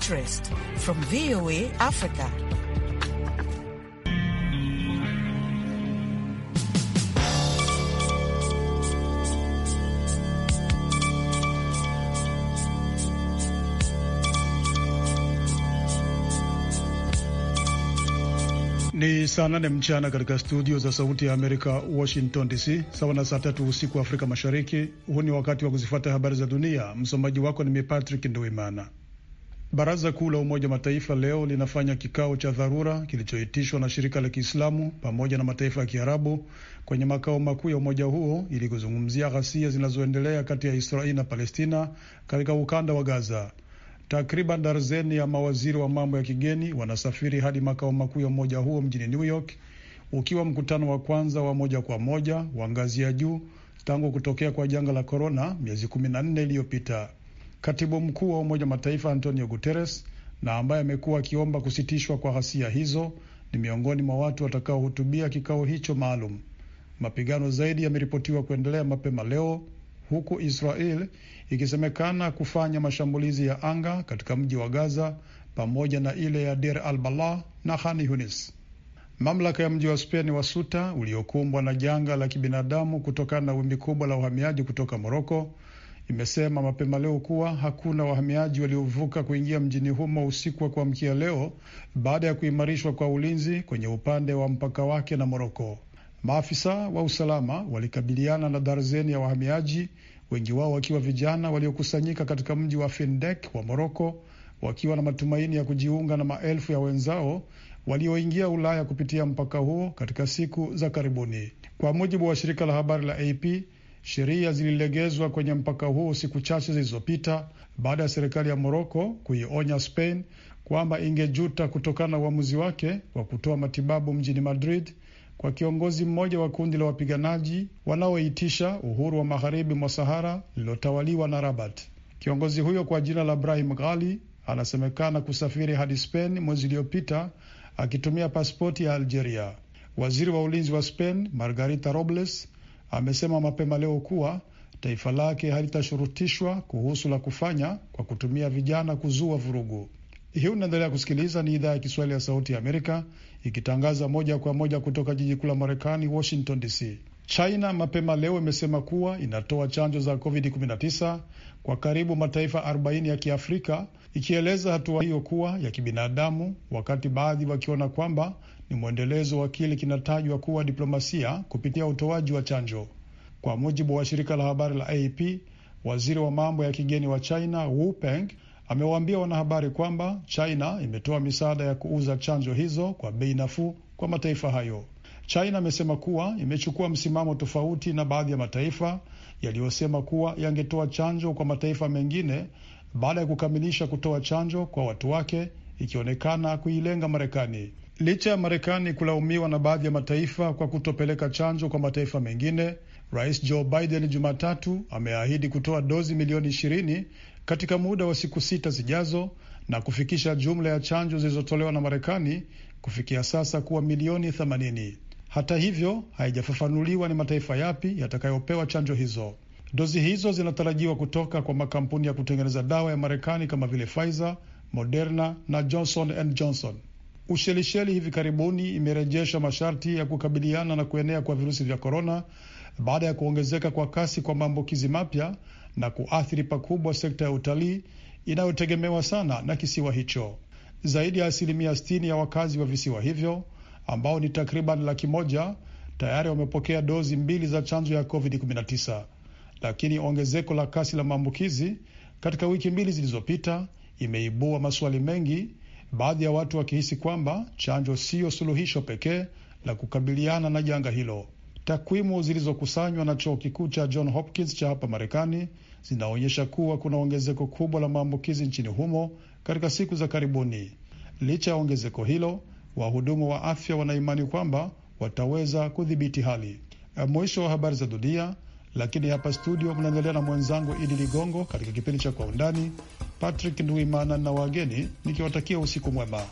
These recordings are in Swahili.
interest from VOA Africa. Ni saa nane mchana katika studio za Sauti ya Amerika, Washington DC, sawa na saa tatu usiku wa Afrika Mashariki. Huu ni wakati wa kuzifuata habari za dunia. Msomaji wako ni mimi Patrick Nduimana. Baraza Kuu la Umoja wa Mataifa leo linafanya kikao cha dharura kilichoitishwa na shirika la Kiislamu pamoja na mataifa ya Kiarabu kwenye makao makuu ya umoja huo ili kuzungumzia ghasia zinazoendelea kati ya Israeli na Palestina katika ukanda wa Gaza. Takriban darzeni ya mawaziri wa mambo ya kigeni wanasafiri hadi makao makuu ya umoja huo mjini New York, ukiwa mkutano wa kwanza wa moja kwa moja wa ngazi ya juu tangu kutokea kwa janga la korona miezi kumi na nne iliyopita katibu mkuu wa Umoja Mataifa Antonio Guterres na ambaye amekuwa akiomba kusitishwa kwa ghasia hizo ni miongoni mwa watu watakaohutubia kikao hicho maalum. Mapigano zaidi yameripotiwa kuendelea mapema leo huku Israel ikisemekana kufanya mashambulizi ya anga katika mji wa Gaza pamoja na ile ya Deir al-Balah na Khan Yunis. Mamlaka ya mji wa Spain wa Suta uliokumbwa na janga la kibinadamu kutokana na wimbi kubwa la uhamiaji kutoka Moroko imesema mapema leo kuwa hakuna wahamiaji waliovuka kuingia mjini humo usiku wa kuamkia leo baada ya kuimarishwa kwa ulinzi kwenye upande wa mpaka wake na Moroko. Maafisa wa usalama walikabiliana na darzeni ya wahamiaji, wengi wao wakiwa vijana waliokusanyika katika mji wa Findek wa Moroko, wakiwa na matumaini ya kujiunga na maelfu ya wenzao walioingia Ulaya kupitia mpaka huo katika siku za karibuni, kwa mujibu wa shirika la habari la AP. Sheria zililegezwa kwenye mpaka huu siku chache zilizopita baada ya serikali ya Moroko kuionya Spain kwamba ingejuta kutokana na uamuzi wake wa kutoa matibabu mjini Madrid kwa kiongozi mmoja wa kundi la wapiganaji wanaoitisha uhuru wa magharibi mwa Sahara lililotawaliwa na Rabat. Kiongozi huyo kwa jina la Brahim Ghali anasemekana kusafiri hadi Spain mwezi uliopita akitumia pasipoti ya Algeria. Waziri wa ulinzi wa Spain Margarita Robles amesema mapema leo kuwa taifa lake halitashurutishwa kuhusu la kufanya kwa kutumia vijana kuzua vurugu. Hii unaendelea kusikiliza, ni idhaa ya Kiswahili ya Sauti ya Amerika ikitangaza moja kwa moja kutoka jiji kuu la Marekani, Washington DC. China mapema leo imesema kuwa inatoa chanjo za COVID-19 kwa karibu mataifa 40 ya Kiafrika ikieleza hatua hiyo kuwa ya kibinadamu, wakati baadhi wakiona kwamba ni mwendelezo wa kile kinatajwa kuwa diplomasia kupitia utoaji wa chanjo. Kwa mujibu wa shirika la habari la AP, waziri wa mambo ya kigeni wa China Wu Peng amewaambia wanahabari kwamba China imetoa misaada ya kuuza chanjo hizo kwa bei nafuu kwa mataifa hayo. China amesema kuwa imechukua msimamo tofauti na baadhi ya mataifa yaliyosema kuwa yangetoa chanjo kwa mataifa mengine baada ya kukamilisha kutoa chanjo kwa watu wake, ikionekana kuilenga Marekani. Licha ya Marekani kulaumiwa na baadhi ya mataifa kwa kutopeleka chanjo kwa mataifa mengine, Rais Joe Biden Jumatatu ameahidi kutoa dozi milioni ishirini katika muda wa siku sita zijazo na kufikisha jumla ya chanjo zilizotolewa na Marekani kufikia sasa kuwa milioni themanini. Hata hivyo, haijafafanuliwa ni mataifa yapi yatakayopewa chanjo hizo. Dozi hizo zinatarajiwa kutoka kwa makampuni ya kutengeneza dawa ya Marekani kama vile Pfizer, Moderna na Johnson and Johnson. Ushelisheli hivi karibuni imerejesha masharti ya kukabiliana na kuenea kwa virusi vya korona baada ya kuongezeka kwa kasi kwa maambukizi mapya na kuathiri pakubwa sekta ya utalii inayotegemewa sana na kisiwa hicho. Zaidi ya asilimia sitini ya wakazi wa visiwa hivyo ambao ni takriban laki moja tayari wamepokea dozi mbili za chanjo ya COVID-19 lakini ongezeko la kasi la maambukizi katika wiki mbili zilizopita imeibua maswali mengi, baadhi ya watu wakihisi kwamba chanjo siyo suluhisho pekee la kukabiliana na janga hilo. Takwimu zilizokusanywa na chuo kikuu cha John Hopkins cha hapa Marekani zinaonyesha kuwa kuna ongezeko kubwa la maambukizi nchini humo katika siku za karibuni. Licha ya ongezeko hilo, wahudumu wa afya wanaimani kwamba wataweza kudhibiti hali. Mwisho wa habari za dunia. Lakini hapa studio mnaendelea na mwenzangu Idi Ligongo katika kipindi cha Kwa Undani. Patrick nduimana na wageni nikiwatakia usiku mwema.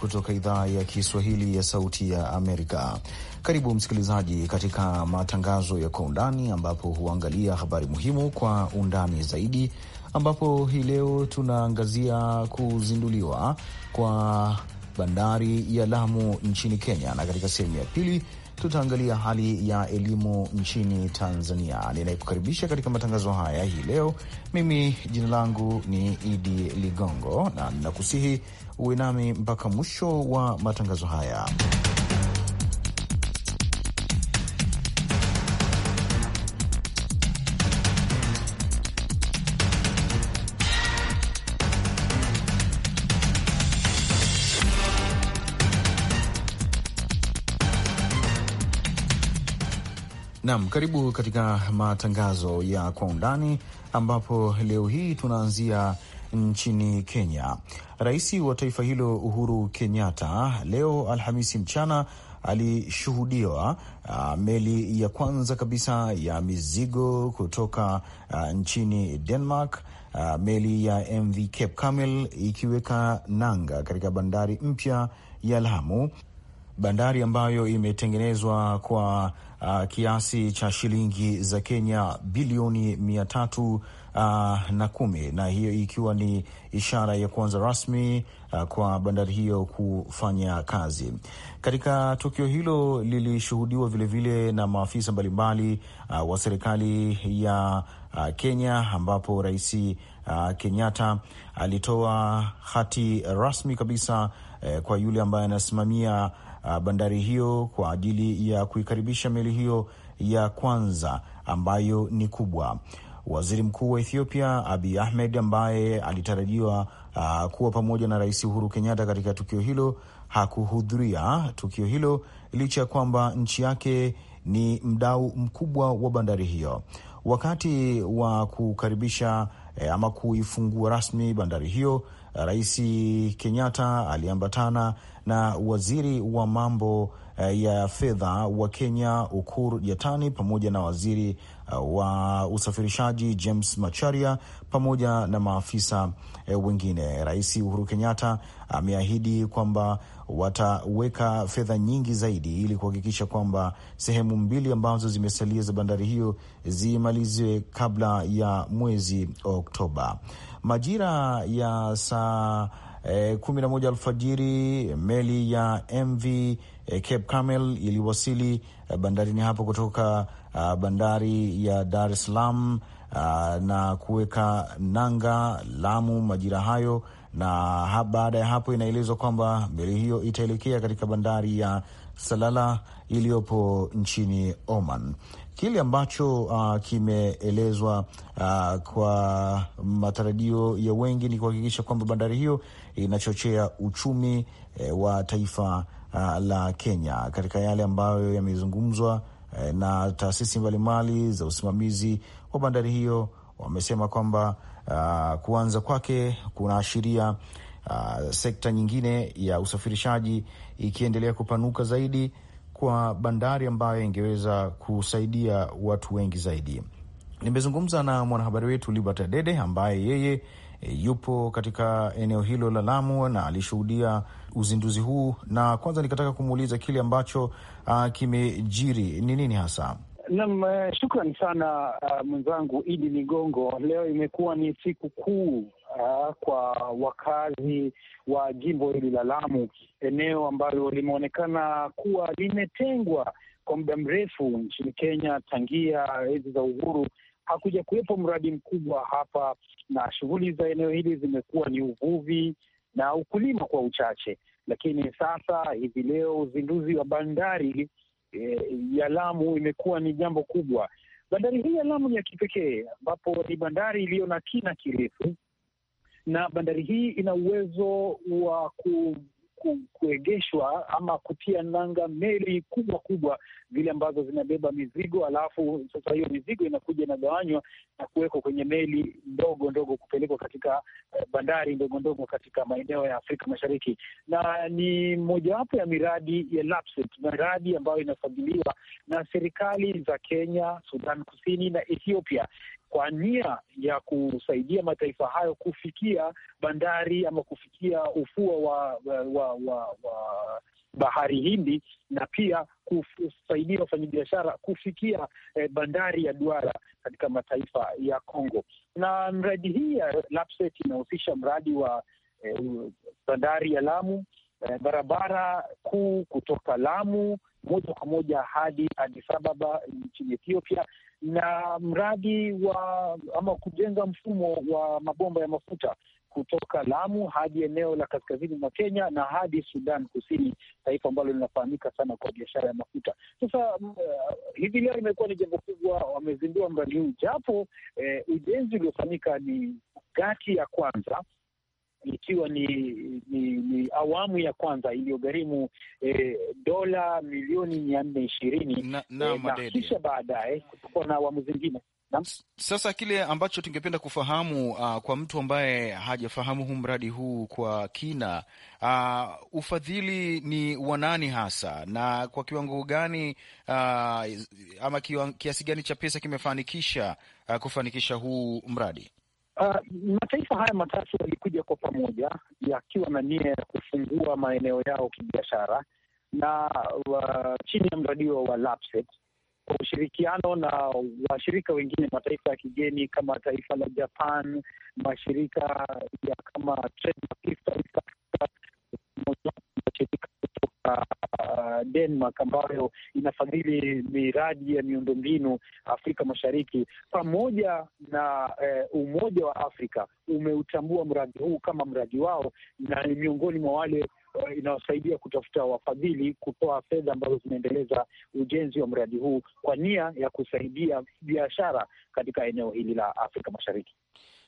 kutoka idhaa ya Kiswahili ya Sauti ya Amerika. Karibu msikilizaji, katika matangazo ya Kwa Undani, ambapo huangalia habari muhimu kwa undani zaidi, ambapo hii leo tunaangazia kuzinduliwa kwa bandari ya Lamu nchini Kenya, na katika sehemu ya pili tutaangalia hali ya elimu nchini Tanzania. Ninayekukaribisha katika matangazo haya hii leo, mimi jina langu ni Idi Ligongo, na ninakusihi uwe nami mpaka mwisho wa matangazo haya. Naam, karibu katika matangazo ya kwa undani ambapo leo hii tunaanzia nchini Kenya. Rais wa taifa hilo Uhuru Kenyatta leo Alhamisi mchana alishuhudiwa uh, meli ya kwanza kabisa ya mizigo kutoka uh, nchini Denmark. Uh, meli ya MV Cape Camel ikiweka nanga katika bandari mpya ya Lamu, bandari ambayo imetengenezwa kwa uh, kiasi cha shilingi za Kenya bilioni mia tatu Uh, na kumi na hiyo ikiwa ni ishara ya kuanza rasmi uh, kwa bandari hiyo kufanya kazi. Katika tukio hilo lilishuhudiwa vilevile na maafisa mbalimbali uh, wa serikali ya uh, Kenya ambapo Rais uh, Kenyatta alitoa hati rasmi kabisa uh, kwa yule ambaye anasimamia Ah, bandari hiyo kwa ajili ya kuikaribisha meli hiyo ya kwanza ambayo ni kubwa. Waziri Mkuu wa Ethiopia Abiy Ahmed ambaye alitarajiwa uh, kuwa pamoja na Rais Uhuru Kenyatta katika tukio hilo hakuhudhuria tukio hilo licha ya kwamba nchi yake ni mdau mkubwa wa bandari hiyo. Wakati wa kukaribisha eh, ama kuifungua rasmi bandari hiyo Rais Kenyatta aliambatana na waziri wa mambo eh, ya fedha wa Kenya Ukur Yatani pamoja na waziri eh, wa usafirishaji James Macharia pamoja na maafisa eh, wengine. Rais Uhuru Kenyatta ameahidi kwamba wataweka fedha nyingi zaidi ili kuhakikisha kwamba sehemu mbili ambazo zimesalia za bandari hiyo zimalizwe kabla ya mwezi Oktoba majira ya saa e, kumi na moja alfajiri meli ya MV e, eh, Cape Camel iliwasili e, bandarini hapo kutoka a, ah, bandari ya Dar es Salaam ah, na kuweka nanga Lamu majira hayo na baada ya hapo inaelezwa kwamba meli hiyo itaelekea katika bandari ya Salala iliyopo nchini Oman. Kile ambacho uh, kimeelezwa uh, kwa matarajio ya wengi ni kuhakikisha kwamba bandari hiyo inachochea uchumi eh, wa taifa uh, la Kenya katika yale ambayo yamezungumzwa eh, na taasisi mbalimbali za usimamizi wa bandari hiyo. Wamesema kwamba uh, kuanza kwake kunaashiria uh, sekta nyingine ya usafirishaji ikiendelea kupanuka zaidi kwa bandari ambayo ingeweza kusaidia watu wengi zaidi. Nimezungumza na mwanahabari wetu libert adede ambaye yeye e, yupo katika eneo hilo la Lamu na alishuhudia uzinduzi huu, na kwanza nikataka kumuuliza kile ambacho ah, kimejiri ni nini hasa. Naam, eh, shukran sana uh, mwenzangu Idi Ligongo. Leo imekuwa ni siku kuu uh, kwa wakazi wa jimbo hili la Lamu, eneo ambalo limeonekana kuwa limetengwa kwa muda mrefu nchini Kenya tangia enzi za uhuru. Hakuja kuwepo mradi mkubwa hapa, na shughuli za eneo hili zimekuwa ni uvuvi na ukulima kwa uchache, lakini sasa hivi leo uzinduzi wa bandari e, ya Lamu imekuwa ni jambo kubwa. Bandari hii ya Lamu ni ya kipekee, ambapo ni bandari iliyo na kina kirefu, na bandari hii ina uwezo wa ku, ku, kuegeshwa ama kutia nanga meli kubwa kubwa zile ambazo zinabeba mizigo, alafu sasa hiyo mizigo inakuja inagawanywa na kuwekwa kwenye meli ndogo ndogo kupelekwa katika eh, bandari ndogo ndogo katika maeneo ya Afrika Mashariki, na ni mojawapo ya miradi ya LAPSET, miradi ambayo inafadhiliwa na serikali za Kenya, Sudan Kusini na Ethiopia kwa nia ya kusaidia mataifa hayo kufikia bandari ama kufikia ufua wa, wa, wa, wa, wa bahari Hindi na pia kusaidia wafanyabiashara kufikia eh, bandari ya Duara katika mataifa ya congo Na mradi hii ya Lapset inahusisha mradi wa eh, bandari ya Lamu eh, barabara kuu kutoka Lamu moja kwa moja hadi Addis Ababa nchini Ethiopia na mradi wa ama kujenga mfumo wa mabomba ya mafuta kutoka Lamu hadi eneo la kaskazini mwa Kenya na hadi Sudan Kusini, taifa ambalo linafahamika sana kwa biashara ya mafuta. Sasa uh, hivi leo imekuwa ni jambo kubwa, wamezindua mradi huu japo eh, ujenzi uliofanyika ni gati ya kwanza ikiwa ni, ni ni awamu ya kwanza iliyogharimu eh, dola milioni mia nne ishirini na, na, eh, na kisha baadaye eh, kutakuwa na awamu zingine. Sasa kile ambacho tungependa kufahamu uh, kwa mtu ambaye hajafahamu huu mradi huu kwa kina uh, ufadhili ni wanani hasa na kwa kiwango gani uh, ama kiasi gani cha pesa kimefanikisha uh, kufanikisha huu mradi? Uh, mataifa haya matatu yalikuja kwa pamoja yakiwa na nia ya kufungua maeneo yao kibiashara na uh, chini ya mradi wa LAPSSET kwa ushirikiano na washirika wengine, mataifa ya kigeni kama taifa la Japan, mashirika ya kama mashirika kutoka uh, Denmark ambayo inafadhili miradi ya miundombinu Afrika Mashariki pamoja na eh, Umoja wa Afrika umeutambua mradi huu kama mradi wao na ni miongoni mwa wale Eh, inawasaidia kutafuta wafadhili kutoa fedha ambazo zinaendeleza ujenzi wa mradi huu kwa nia ya kusaidia biashara katika eneo hili la Afrika Mashariki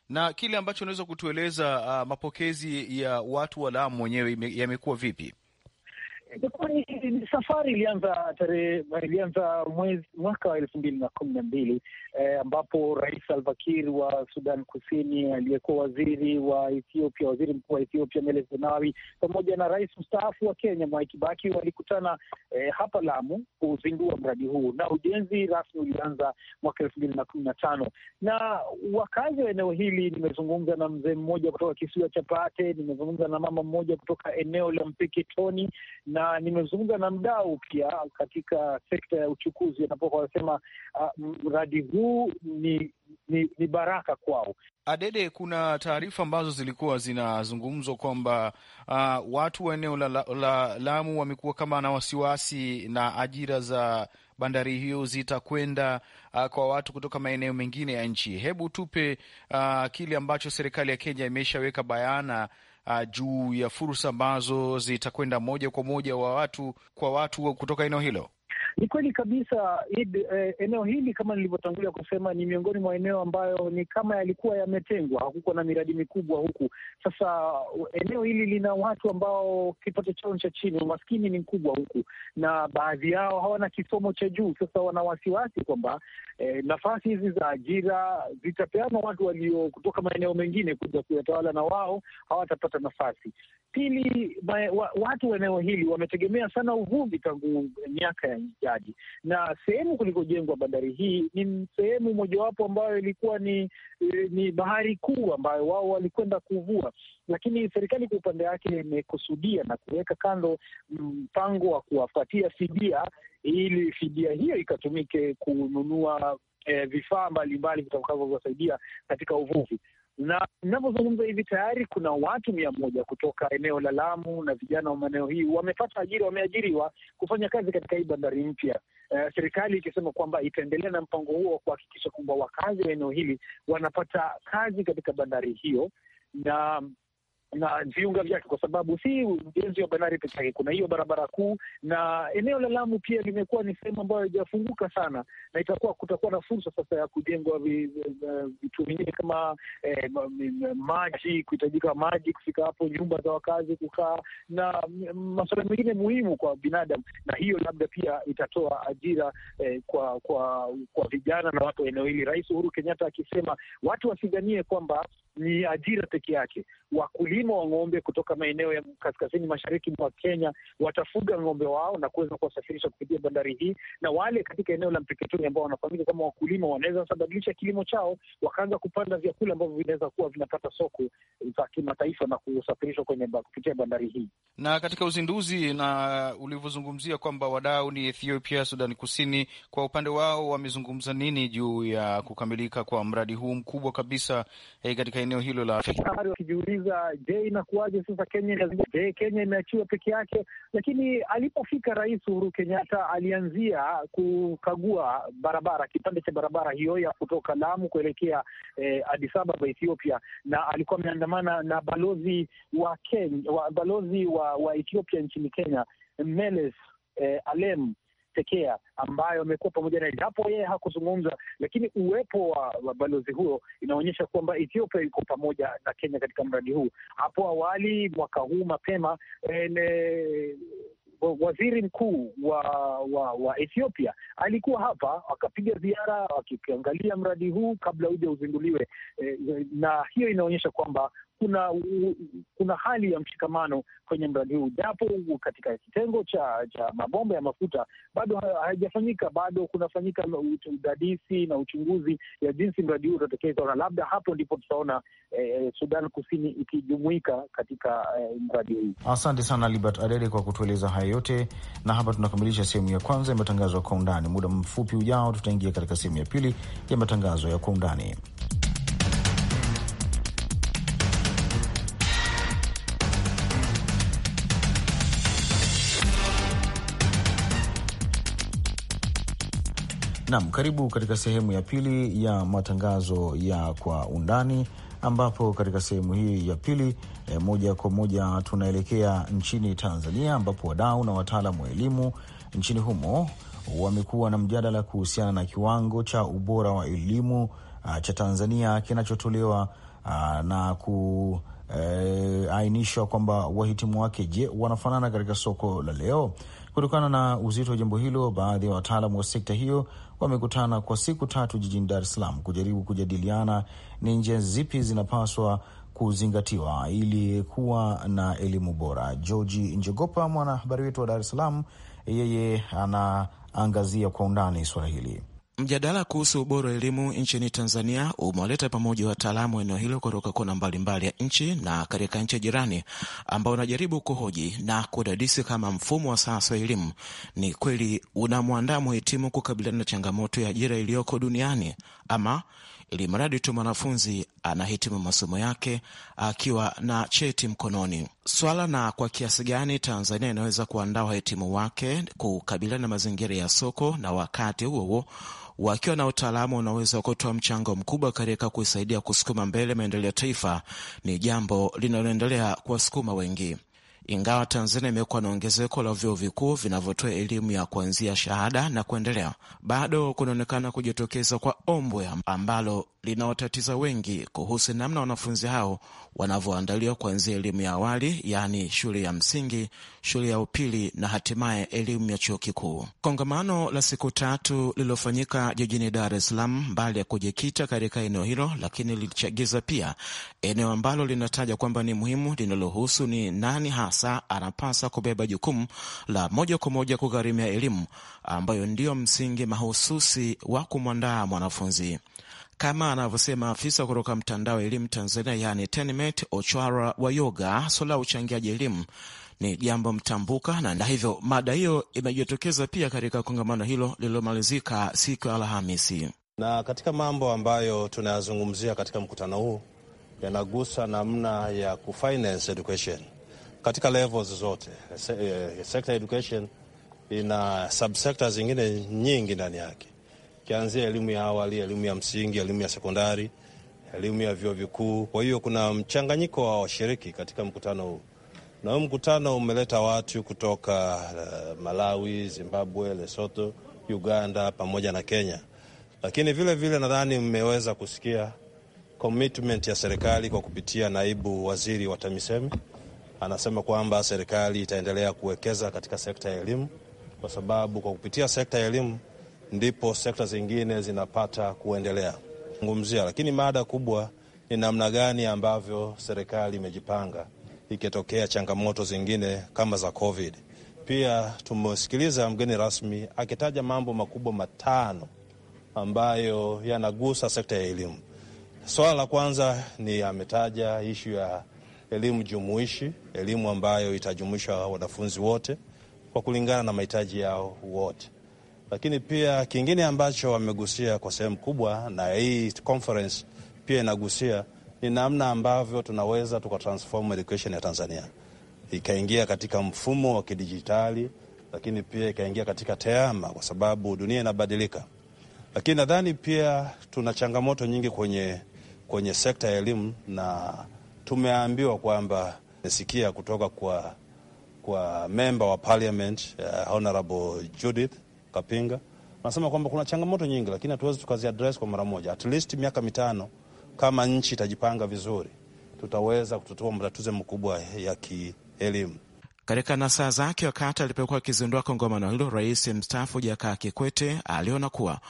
na kile ambacho unaweza kutueleza uh, mapokezi ya watu wa Lamu wenyewe yamekuwa vipi? ni safari ilianza tarehe ilianza mwezi mwaka wa elfu mbili na kumi na mbili eh, ambapo Rais Salva Kiir wa Sudan Kusini, aliyekuwa waziri wa Ethiopia, waziri mkuu wa Ethiopia Meles Zenawi, pamoja na rais mstaafu wa Kenya Mwai Kibaki walikutana eh, hapa Lamu kuzindua mradi huu, na ujenzi rasmi ulianza mwaka elfu mbili na kumi na tano na wakazi wa eneo hili, nimezungumza na mzee mmoja kutoka kisiwa cha Pate, nimezungumza na mama mmoja kutoka eneo la Mpeketoni na na nimezungumza na mdau pia katika sekta ya uchukuzi, anapokuwa wanasema ah, mradi uh, huu ni, ni, ni baraka kwao. Adede, kuna taarifa ambazo zilikuwa zinazungumzwa kwamba uh, watu wa eneo la, la, la Lamu wamekuwa kama na wasiwasi na ajira za bandari hiyo zitakwenda uh, kwa watu kutoka maeneo mengine ya nchi. Hebu tupe uh, kile ambacho serikali ya Kenya imeshaweka bayana uh, juu ya fursa ambazo zitakwenda moja kwa moja wa watu kwa watu kutoka eneo hilo? Ni kweli kabisa id, eh, eneo hili kama nilivyotangulia kusema ni miongoni mwa eneo ambayo ni kama yalikuwa yametengwa, hakuko na miradi mikubwa huku. Sasa eneo hili lina watu ambao kipato chao cha chini, umaskini ni mkubwa huku, na baadhi yao hawana kisomo cha juu. Sasa wana wasiwasi kwamba eh, nafasi hizi za ajira zitapeanwa watu walio kutoka maeneo mengine kuja kuyatawala, na wao hawatapata nafasi. Pili, ma, wa, watu wa eneo hili wametegemea sana uvuvi tangu miaka ya usafirishaji, na sehemu kulikojengwa bandari hii ni sehemu mojawapo ambayo ilikuwa ni, eh, ni bahari kuu ambayo wao walikwenda kuvua, lakini serikali kwa upande wake imekusudia na kuweka kando mpango wa kuwapatia fidia ili fidia hiyo ikatumike kununua eh, vifaa mbalimbali vitakavyowasaidia katika uvuvi na ninavyozungumza hivi tayari kuna watu mia moja kutoka eneo la Lamu na vijana wa maeneo hii wamepata ajira, wameajiriwa kufanya kazi katika hii bandari mpya. Uh, serikali ikisema kwamba itaendelea na mpango huo wa kuhakikisha kwamba wakazi wa eneo hili wanapata kazi katika bandari hiyo, na na viunga vyake, kwa sababu si ujenzi wa bandari peke yake. Kuna hiyo barabara kuu, na eneo la Lamu pia limekuwa ni sehemu ambayo haijafunguka sana, na itakuwa kutakuwa na fursa sasa ya kujengwa vitu vingine kama eh, maji, kuhitajika maji kufika hapo, nyumba za wakazi kukaa, na mm, masuala mengine muhimu kwa binadamu, na hiyo labda pia itatoa ajira eh, kwa kwa kwa vijana na watu wa eneo hili. Rais Uhuru Kenyatta akisema watu wasidhanie kwamba ni ajira peke yake. Wakulima wa ng'ombe kutoka maeneo ya kaskazini mashariki mwa Kenya watafuga ng'ombe wao na kuweza kuwasafirisha kupitia bandari hii, na wale katika eneo la Mpeketoni ambao wanafahamika kama wakulima wanaweza sasa badilisha kilimo chao, wakaanza kupanda vyakula ambavyo vinaweza kuwa vinapata soko za kimataifa na kusafirishwa kwenye kupitia bandari hii. Na katika uzinduzi na ulivyozungumzia kwamba wadau ni Ethiopia, Sudani Kusini, kwa upande wao wamezungumza nini juu ya kukamilika kwa mradi huu mkubwa kabisa hey, eh, katika eneo hilo la Afrika, wakijiuliza je, inakuwaje sasa Kenya? Je, Kenya imeachiwa peke yake? Lakini alipofika Rais Uhuru Kenyatta alianzia kukagua barabara, kipande cha barabara hiyo ya kutoka Lamu kuelekea eh, Addis Ababa Ethiopia, na alikuwa ameandamana na balozi wa Kenya, wa balozi wa, wa Ethiopia nchini Kenya Meles eh, Alem Sekea ambayo amekuwa pamoja naye, japo yeye hakuzungumza, lakini uwepo wa, wa balozi huo inaonyesha kwamba Ethiopia iko pamoja na Kenya katika mradi huu. Hapo awali mwaka huu mapema ene, eh, waziri mkuu wa, wa wa Ethiopia alikuwa hapa akapiga ziara akiangalia mradi huu kabla uja uzinduliwe, e, na hiyo inaonyesha kwamba kuna kuna hali ya mshikamano kwenye mradi huu, japo katika kitengo cha cha mabomba ya mafuta bado haijafanyika, bado kunafanyika udadisi na uchunguzi ya jinsi mradi huu utatekelezwa, na labda hapo ndipo tutaona eh, Sudan Kusini ikijumuika katika eh, mradi huu. Asante sana Libert Adede kwa kutueleza haya yote, na hapa tunakamilisha sehemu ya kwanza ya matangazo ya kwa undani. Muda mfupi ujao, tutaingia katika sehemu ya pili ya matangazo ya kwa undani. Naam, karibu katika sehemu ya pili ya matangazo ya kwa undani ambapo katika sehemu hii ya pili e, moja kwa moja tunaelekea nchini Tanzania ambapo wadau na wataalam wa elimu nchini humo wamekuwa na mjadala kuhusiana na kiwango cha ubora wa elimu ah, cha Tanzania kinachotolewa ah, na kuainishwa eh, e, kwamba wahitimu wake, je, wanafanana katika soko la leo? Kutokana na uzito wa jambo hilo, baadhi ya wataalamu wa sekta hiyo wamekutana kwa siku tatu jijini Dar es Salaam kujaribu kujadiliana ni njia zipi zinapaswa kuzingatiwa ili kuwa na elimu bora. Georgi Njogopa, mwanahabari wetu wa Dar es Salaam, yeye anaangazia kwa undani suala hili. Mjadala kuhusu ubora wa elimu nchini Tanzania umewaleta pamoja wataalamu wa eneo hilo kutoka kona mbalimbali ya nchi na katika nchi jirani, ambao unajaribu kuhoji na kudadisi kama mfumo wa sasa wa elimu ni kweli unamwandaa mhitimu kukabiliana na changamoto ya ajira iliyoko duniani ama ili mradi tu mwanafunzi anahitimu masomo yake akiwa na cheti mkononi. Swala na kwa kiasi gani Tanzania inaweza kuandaa wahitimu wake kukabiliana na mazingira ya soko na wakati huo huo wakiwa na utaalamu unaweza kutoa mchango mkubwa katika kuisaidia kusukuma mbele maendeleo ya taifa, ni jambo linaloendelea kuwasukuma wengi. Ingawa Tanzania imekuwa na ongezeko la vyuo vikuu vinavyotoa elimu ya kuanzia shahada na kuendelea, bado kunaonekana kujitokeza kwa ombwe ambalo linawatatiza wengi kuhusu namna wanafunzi hao wanavyoandaliwa kuanzia elimu ya awali, yaani shule ya msingi, shule ya upili na hatimaye elimu ya chuo kikuu. Kongamano la siku tatu lililofanyika jijini Dar es Salaam, mbali ya kujikita katika eneo hilo, lakini lilichagiza pia eneo ambalo linataja kwamba ni muhimu linalohusu ni nani hasa anapasa kubeba jukumu la moja kwa moja kugharimia elimu ambayo ndiyo msingi mahususi wa kumwandaa mwanafunzi kama anavyosema afisa kutoka mtandao wa elimu Tanzania, yani TENMET, Ochwara wa Yoga, swala ya uchangiaji elimu ni jambo mtambuka, na hivyo mada hiyo imejitokeza pia katika kongamano hilo lililomalizika siku ya Alhamisi. Na katika mambo ambayo tunayazungumzia katika mkutano huu yanagusa namna ya kufinance education katika levels zote. Sector eh, education ina subsector zingine nyingi ndani yake ukianzia elimu ya awali, elimu ya msingi, elimu ya sekondari, elimu ya vyuo vikuu. Kwa hiyo kuna mchanganyiko wa washiriki katika mkutano huu, na huu mkutano umeleta watu kutoka uh, Malawi, Zimbabwe, Lesotho, Uganda pamoja na Kenya, lakini vile vile nadhani mmeweza kusikia commitment ya serikali kwa kupitia naibu waziri wa TAMISEMI anasema kwamba serikali itaendelea kuwekeza katika sekta ya elimu, kwa sababu kwa kupitia sekta ya elimu ndipo sekta zingine zinapata kuendelea zungumzia. Lakini mada kubwa ni namna gani ambavyo serikali imejipanga ikitokea changamoto zingine kama za COVID. Pia tumesikiliza mgeni rasmi akitaja mambo makubwa matano ambayo yanagusa sekta ya elimu. Swala la kwanza ni ametaja ishu ya elimu jumuishi, elimu ambayo itajumuisha wanafunzi wote kwa kulingana na mahitaji yao wote. Lakini pia kingine ambacho wamegusia kwa sehemu kubwa, na hii conference pia inagusia, ni namna ambavyo tunaweza tukatransform education ya Tanzania ikaingia katika mfumo wa kidijitali, lakini pia ikaingia katika teama kwa sababu dunia inabadilika. Lakini nadhani pia tuna changamoto nyingi kwenye, kwenye sekta ya elimu na tumeambiwa kwamba mesikia kutoka kwa, kwa member wa parliament uh, Honorable Judith Kapinga, nasema kwamba kuna changamoto nyingi, lakini hatuwezi address kwa mara moja. At least miaka mitano, kama nchi itajipanga vizuri, tutaweza kutotoa matatizo makubwa ya kielimu. Katika nasaa zake wakati alipokuwa akizindua kongamano hilo, rais mstaafu Jakaya Kikwete aliona kuwa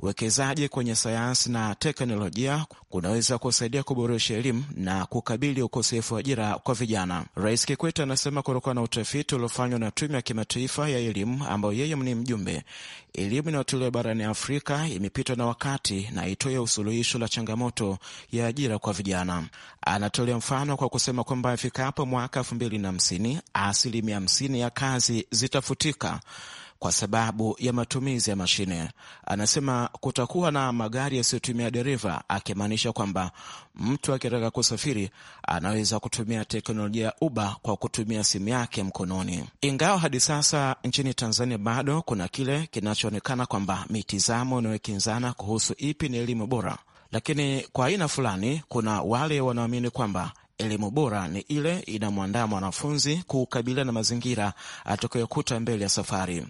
Uwekezaji kwenye sayansi na teknolojia kunaweza kusaidia kuboresha elimu na kukabili ukosefu wa ajira kwa vijana. Rais Kikwete anasema kutokana na utafiti uliofanywa na Tume ya Kimataifa ya Elimu, ambayo yeye ni mjumbe, elimu inayotolewa barani Afrika imepitwa na wakati na itoe usuluhisho la changamoto ya ajira kwa vijana. Anatolea mfano kwa kusema kwamba ifikapo mwaka elfu mbili na hamsini asilimia hamsini ya kazi zitafutika kwa sababu ya matumizi ya mashine. Anasema kutakuwa na magari yasiyotumia dereva, akimaanisha kwamba mtu akitaka kusafiri anaweza kutumia teknolojia ya Uber kwa kutumia simu yake mkononi. Ingawa hadi sasa nchini Tanzania bado kuna kile kinachoonekana kwamba mitizamo inayokinzana kuhusu ipi ni elimu bora, lakini kwa aina fulani kuna wale wanaoamini kwamba elimu bora ni ile inamwandaa mwanafunzi kukabiliana na mazingira atakayokuta mbele ya safari.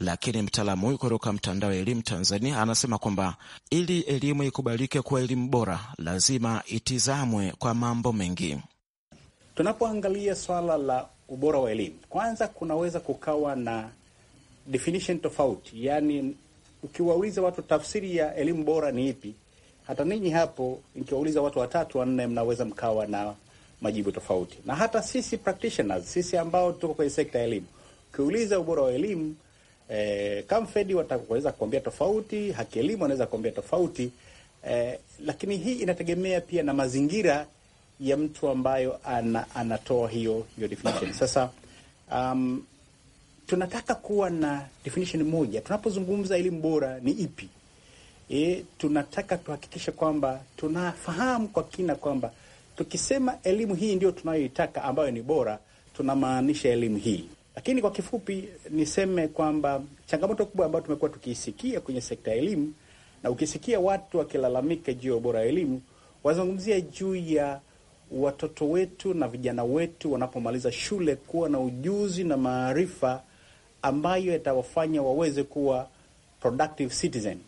Lakini mtaalamu huyu kutoka mtandao wa elimu Tanzania anasema kwamba ili elimu ikubalike kuwa elimu bora, lazima itizamwe kwa mambo mengi. Tunapoangalia swala la ubora wa elimu, kwanza kunaweza kukawa na definition tofauti, yaani ukiwauliza watu tafsiri ya elimu bora ni ipi, hata ninyi hapo nikiwauliza watu watatu wanne, mnaweza mkawa na majibu tofauti. Na hata sisi practitioners, sisi ambao tuko kwenye sekta ya elimu, ukiuliza ubora wa elimu eh, Kamfedi wataweza kuambia tofauti, Haki Elimu wanaweza kuambia tofauti eh, lakini hii inategemea pia na mazingira ya mtu ambayo ana, anatoa hiyo hiyo definition. Sasa um, tunataka kuwa na definition moja tunapozungumza elimu bora ni ipi? e, tunataka tuhakikishe kwamba tunafahamu kwa kina kwamba tukisema elimu hii ndio tunayoitaka ambayo ni bora, tunamaanisha elimu hii. Lakini kwa kifupi niseme kwamba changamoto kubwa ambayo tumekuwa tukiisikia kwenye sekta ya elimu, na ukisikia watu wakilalamika juu ya ubora wa elimu, wazungumzia juu ya watoto wetu na vijana wetu wanapomaliza shule kuwa na ujuzi na maarifa ambayo yatawafanya waweze kuwa productive citizen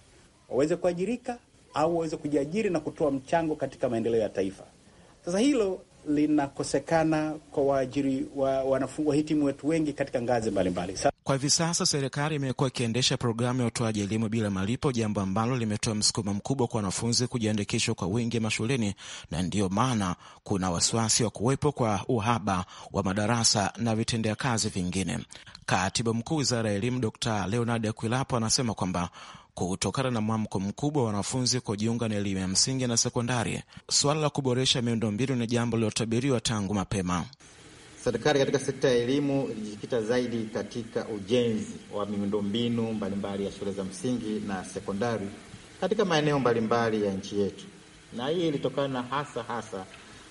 waweze kuajirika au waweze kujiajiri na kutoa mchango katika maendeleo ya taifa. Sasa hilo linakosekana kwa waajiri wa wahitimu wetu wengi katika ngazi mbalimbali. Kwa hivi sasa serikali imekuwa ikiendesha programu ya utoaji elimu bila malipo, jambo ambalo limetoa msukumo mkubwa kwa wanafunzi kujiandikishwa kwa wingi mashuleni, na ndiyo maana kuna wasiwasi wa kuwepo kwa uhaba wa madarasa na vitendea kazi vingine. Katibu mkuu wizara ya elimu Dr Leonard Akwilapo anasema kwamba kutokana na mwamko mkubwa wa wanafunzi kujiunga na elimu ya msingi na sekondari, suala la kuboresha miundombinu ni jambo lilotabiriwa tangu mapema. Serikali katika sekta ya elimu ilijikita zaidi katika ujenzi wa miundombinu mbalimbali ya shule za msingi na sekondari katika maeneo mbalimbali ya nchi yetu, na hii ilitokana hasa hasa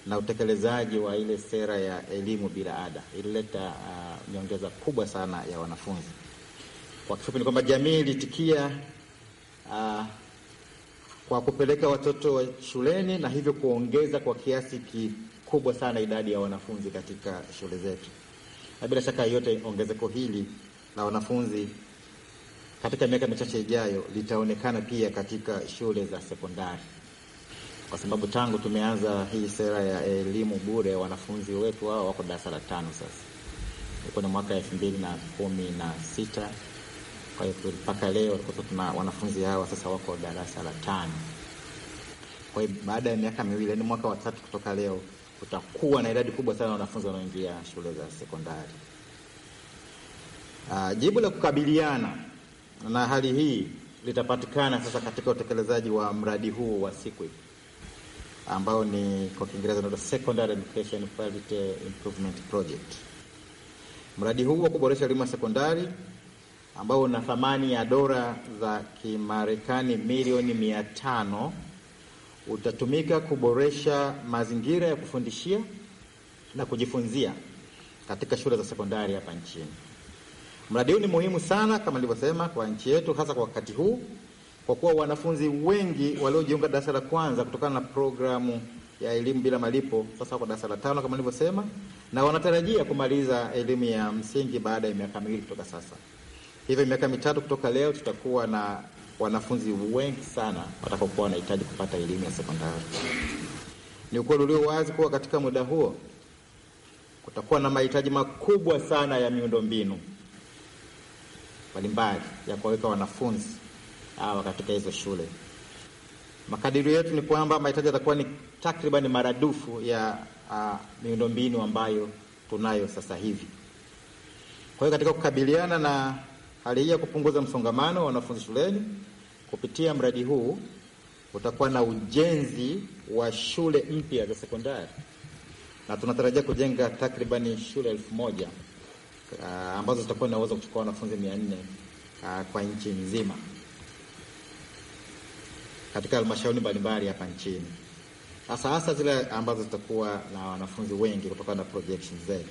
na utekelezaji wa ile sera ya elimu bila ada. Ilileta uh, nyongeza kubwa sana ya wanafunzi. Kwa kifupi ni kwamba jamii ilitikia uh, kwa kupeleka watoto shuleni na hivyo kuongeza kwa kiasi ki kubwa sana idadi ya wanafunzi katika shule zetu, na bila shaka yote ongezeko hili la wanafunzi katika miaka michache ijayo litaonekana pia katika shule za sekondari, kwa sababu tangu tumeanza hii sera ya elimu bure, wanafunzi wetu hao wako darasa la tano sasa, ilikuwa na mwaka elfu mbili na kumi na sita. Kwa hiyo mpaka leo tuna wanafunzi hawa sasa wako darasa la tano. Kwa hiyo baada ya miaka miwili, yaani mwaka wa tatu kutoka leo kutakuwa na idadi kubwa sana wanafunzi wanaoingia shule za sekondari. Uh, jibu la kukabiliana na hali hii litapatikana sasa katika utekelezaji wa mradi huu wa SEQUIP ambao ni kwa Kiingereza unaitwa Secondary Education Quality Improvement Project. Mradi huu wa kuboresha elimu ya sekondari ambao una thamani ya dola za Kimarekani milioni mia tano utatumika kuboresha mazingira ya kufundishia na kujifunzia katika shule za sekondari hapa nchini. Mradi huu ni muhimu sana kama nilivyosema kwa nchi yetu, hasa kwa wakati huu, kwa kuwa wanafunzi wengi waliojiunga darasa la kwanza kutokana na programu ya elimu bila malipo sasa kwa darasa la tano kama nilivyosema, na wanatarajia kumaliza elimu ya msingi baada ya miaka miwili kutoka sasa. Hivyo miaka mitatu kutoka leo tutakuwa na wanafunzi wengi sana watakapokuwa wanahitaji kupata elimu ya sekondari. Ni ukweli ulio wazi kuwa katika muda huo kutakuwa na mahitaji makubwa sana ya miundombinu mbalimbali ya kuwaweka wanafunzi hawa katika hizo shule. Makadirio yetu ni kwamba mahitaji yatakuwa ni takriban maradufu ya uh, miundombinu ambayo tunayo sasa hivi. Kwa hiyo katika kukabiliana na Hali hii ya kupunguza msongamano wa wanafunzi shuleni kupitia mradi huu utakuwa na ujenzi wa shule mpya za sekondari na tunatarajia kujenga takribani shule elfu moja uh, ambazo zitakuwa na uwezo kuchukua wanafunzi mia nne uh, kwa nchi nzima katika halmashauri mbalimbali hapa nchini, hasa hasa zile ambazo zitakuwa na wanafunzi wengi kutokana na projections zetu.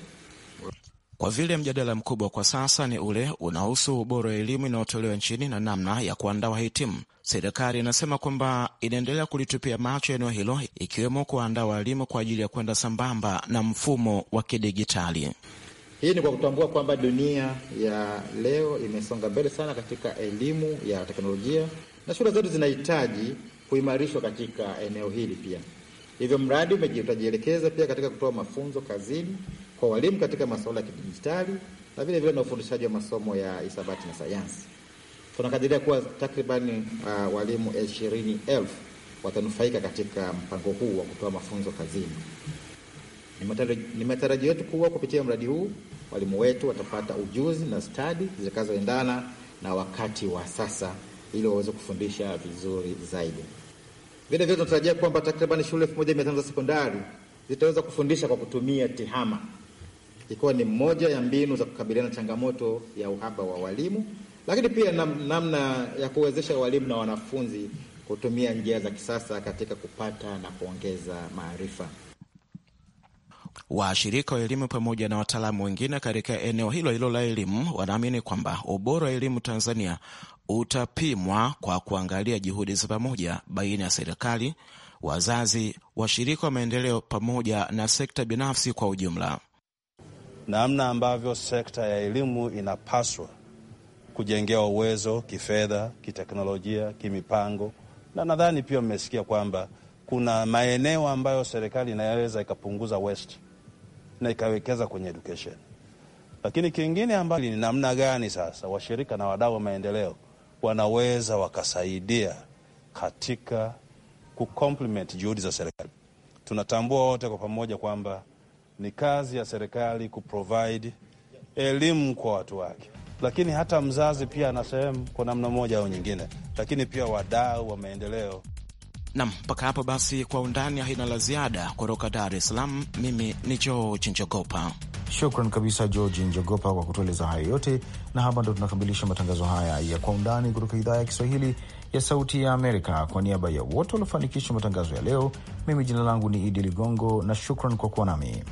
Kwa vile mjadala mkubwa kwa sasa ni ule unahusu ubora wa elimu inayotolewa nchini na namna ya kuandaa wahitimu, serikali inasema kwamba inaendelea kulitupia macho eneo hilo, ikiwemo kuandaa walimu kwa ajili ya kwenda sambamba na mfumo wa kidigitali. Hii ni kwa kutambua kwamba dunia ya leo imesonga mbele sana katika elimu ya teknolojia na shule zetu zinahitaji kuimarishwa katika eneo hili pia. Hivyo mradi umejitajielekeza pia katika kutoa mafunzo kazini kwa walimu katika masuala ya kidijitali na vile vile na ufundishaji wa masomo ya hisabati na sayansi. Tunakadiria kuwa takribani uh, walimu ishirini elfu watanufaika katika mpango huu wa kutoa mafunzo kazini. Ni matarajio yetu kuwa kupitia mradi huu walimu wetu watapata ujuzi na stadi zitakazoendana na wakati wa sasa ili waweze kufundisha vizuri zaidi. Vile vile tunatarajia kwamba takriban shule elfu moja mia tano za sekondari zitaweza kufundisha kwa kutumia TEHAMA ikiwa ni moja ya mbinu za kukabiliana changamoto ya uhaba wa walimu, lakini pia nam, namna ya kuwezesha walimu na wanafunzi kutumia njia za kisasa katika kupata na kuongeza maarifa. Washirika wa elimu pamoja na wataalamu wengine katika eneo hilo hilo la elimu wanaamini kwamba ubora wa elimu Tanzania utapimwa kwa kuangalia juhudi za pamoja baina ya serikali, wazazi, washirika wa maendeleo pamoja na sekta binafsi kwa ujumla namna ambavyo sekta ya elimu inapaswa kujengewa uwezo kifedha, kiteknolojia, kimipango, na nadhani pia mmesikia kwamba kuna maeneo ambayo serikali inaweza ikapunguza waste na ikawekeza kwenye education. Lakini kingine ambayo ni namna gani sasa washirika na wadau wa maendeleo wanaweza wakasaidia katika kucomplement juhudi za serikali. Tunatambua wote kwa pamoja kwamba ni kazi ya serikali kuprovide elimu kwa watu wake, lakini hata mzazi pia ana sehemu kwa namna moja au nyingine, lakini pia wadau wa maendeleo. Nam, mpaka hapo basi, kwa undani haina la ziada kutoka Dar es Salaam. Mimi ni George Njogopa. Shukran kabisa George Njogopa kwa kutueleza hayo yote, na hapa ndo tunakamilisha matangazo haya ya Kwa Undani kutoka idhaa ya Kiswahili ya Sauti ya Amerika. Kwa niaba ya wote waliofanikisha matangazo ya leo, mimi jina langu ni Idi Ligongo na shukran kwa kuwa nami.